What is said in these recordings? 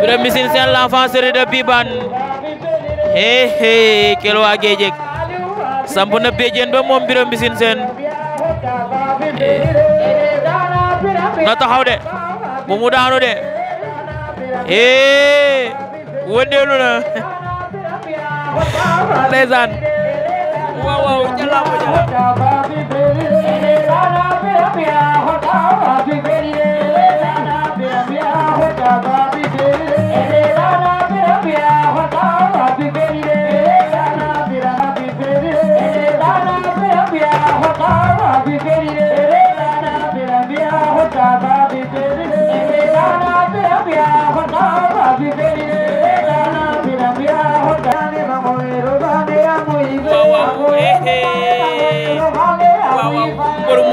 Biram bisin Sen, l'enfant serré de Biban. Hé hé, Kelwa Gejek. Sampuna Bejen ba mom Biram Misil Sen. Eh. Na taxaw de. Pemuda mu daanu de. Hé! Eh. lu na. Ndeysaan. Waaw waaw, ci lamb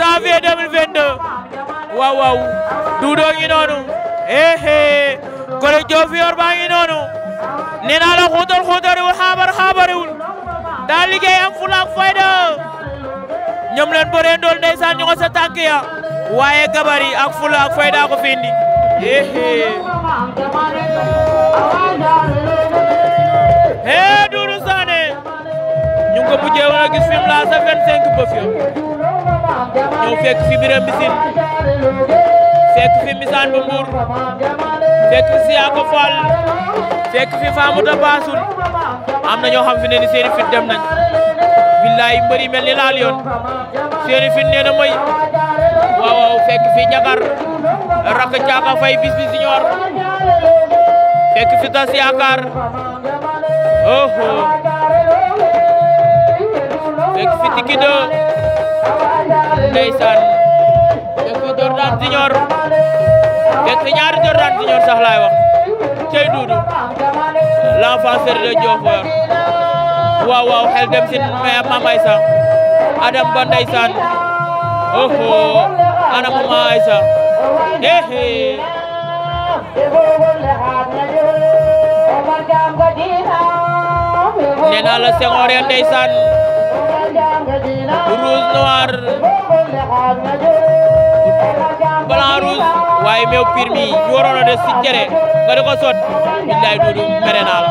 janvier 2022 waaw waaw duudoo ngi noonu ehe eh. kole Diofior baa ngi noonu nee naa la xuutal xuutariwul xaabar xaabariwul daa liggéey am fulaak fayda ñoom leen bëree ndool ndeysaan ñu ko sa tànk waaye gabari ak fulaak fayda ko fi indi hee eh, eh. Doudou Sané ñu ko mujjee woon a gis fi mu laal sa 25 ñëw fekk fi Birame Mbissine fi Misaan bu Mbour fekk fi Siyaaka Fall fekk fi Famouta Bassoul am na ñoo xam fi ne ni seeni fit dem nañ billaay mbëri mel ni laal yoon seeni fit nee na mooy waaw fi Ñagar rakk caaka fay bis bi fi tas yaakaar oh oh fi tiki ndeysaan teg ko Jordan Junior teg fi ñaari Jordan Junior sax laay wax cey duudu l'enfant séeréer de Diofior waaw waaw xel dem si Mama Aïssa Adam ba ndeysaan oho ana Mama Aïssa ehe nee naa la Senghor ya ndeysaan rouge noir blanc rouge waaye meew pire mi ñu waroon a des si cere nga di ko sot billaay duudu mere naa la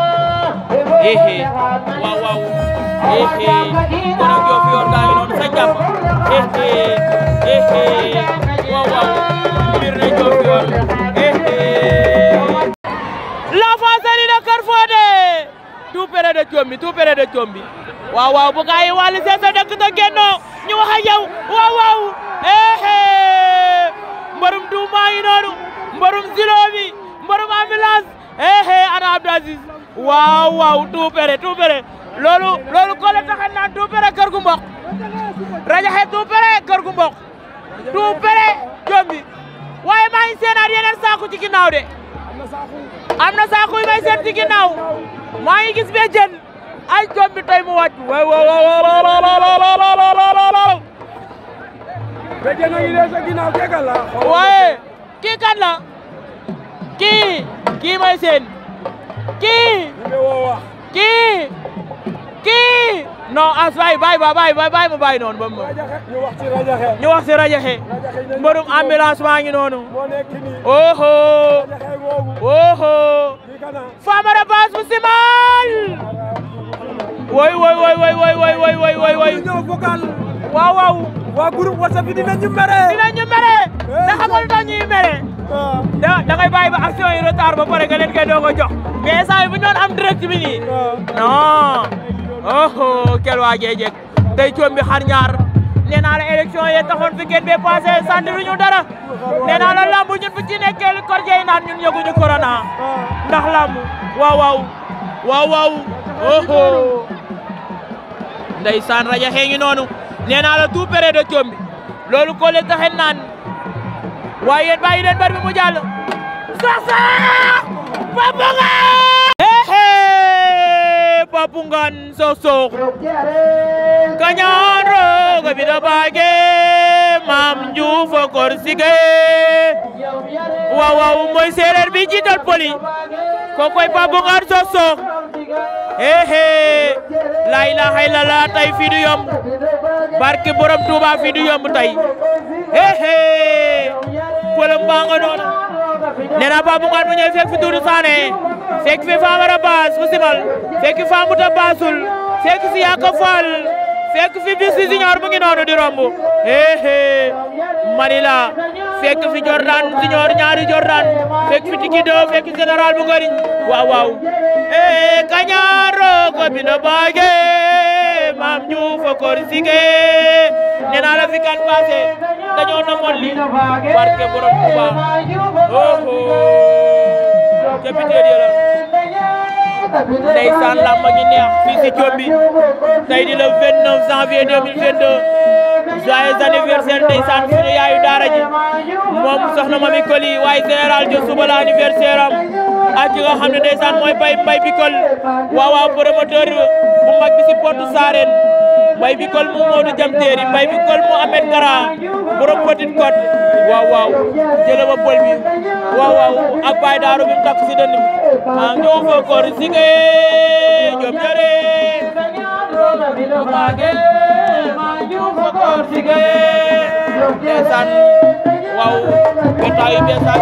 hehe waaw waaw hehe kon ak yow fi yor gaa ngi noonu sa jàpp hehe hehe na Kër Fodé tout péré de Diombi tout bu gaa yi wàllu seen ñu wax ak yow waaw waaw eh mbarum duuma yi noonu mbarum zilo la am ngi gis bee béjjén a ngi dee sa ginnaaw tegal la. waaye kii kan la kii kii may seen kii. kii kii. non as bàyyi bàyyi ba bàyyi ba bàyyi mu bàyyi noonu ba mu. ñu wax ci rajaxe. ñu wax ci rajaxe. mbërum ambulance maa ngi noonu. oho. oho. Famara Bass bu simal. woy woy woy woy woy woy woy woy. waaw waaw. waa groupe WhatsApp bi dinañu mere. da xamal tax ñuy mere. Eh. da da ngay ba action yi retard ba pare nga leen koy doog a jox. mais saa yi bu ñu doon am direct bi nii. Eh. non. oh kel waa jeejek tey coom bi xar ñaar nee naa la élection yi taxoon fi ngeen bee passé sànni lu ñu dara nee naa la lamb ñun fu ci nekkee lu korje yi naan ñun yëguñu corona eh. ndax lamb waaw waaw waaw waaw oho ndeysaan rajo xee ngi noonu nee la tout péré de bi lolou ko le taxé nan waaye yéen bàyyi leen bari bi mu jàll Sokh Papu Ngane ehe Papu Ngane Sokh Sokh bi da bagé mam Juuf a kor sige waaw waaw mooy bi jital poli ko koy Papu Ngane Sokh laila ehe la ilaha illallah tay fi du yom barke borom Touba fi du yomb he he pëlëm ba nga noonu nee naa Babou Ngane mu ñëw fekk fi tour Sané fek fi Famara Bass mu simal fek fi Famouta Bassoul fekk fi ko fal fek fi Bissi Junior mu ngi nonu di he he Manila fek fi Jordan Junior ñaari Jordan fek fi do fek general bu ngariñ waaw waaw eh kanyaro ko bi na baage maam Diouf ko Korsike nee la fi kan passé dañoo namoon li barke borom Touba oho capitaine yàlla ndeysaan làmb ñu neex fii si Diombi tey di le 29 janvier 2022 joyeux anniversaire ndeysaan suñu yaayu daara ji moom soxna Mami Koli waaye général Diop suba la anniversaire am ak ki nga xam ne ndeysaan mooy Baye Baye Bicol waaw waaw promoteur bu mag bi si porte Sarène Baye Bicol mu Modou Jam Téeri Baye Bicol mu Ahmed Kara borom Petite Côte waaw waaw jële ba bol bi waaw waaw ak Baye Daaru bi mu takk si dënn maa ngi ñëw foo koor si nga jom ñare ndeysaan waaw bataay bi ndeysaan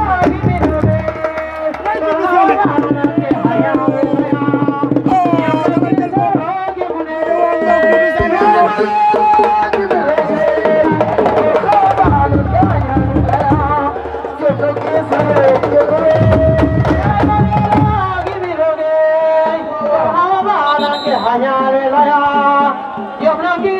बाल कया चवो की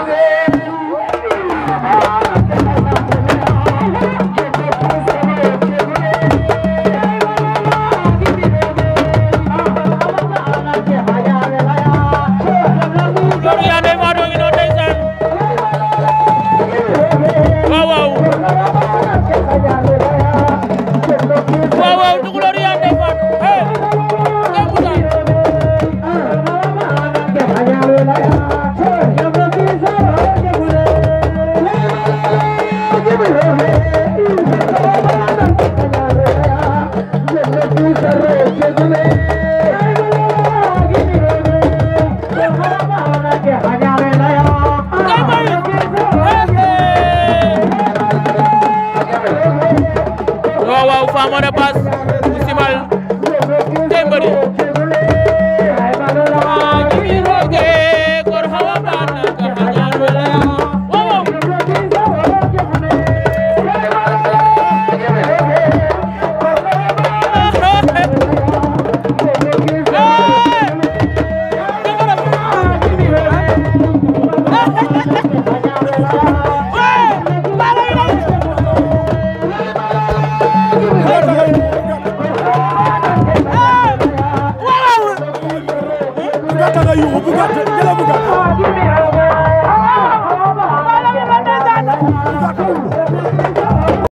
Thank you.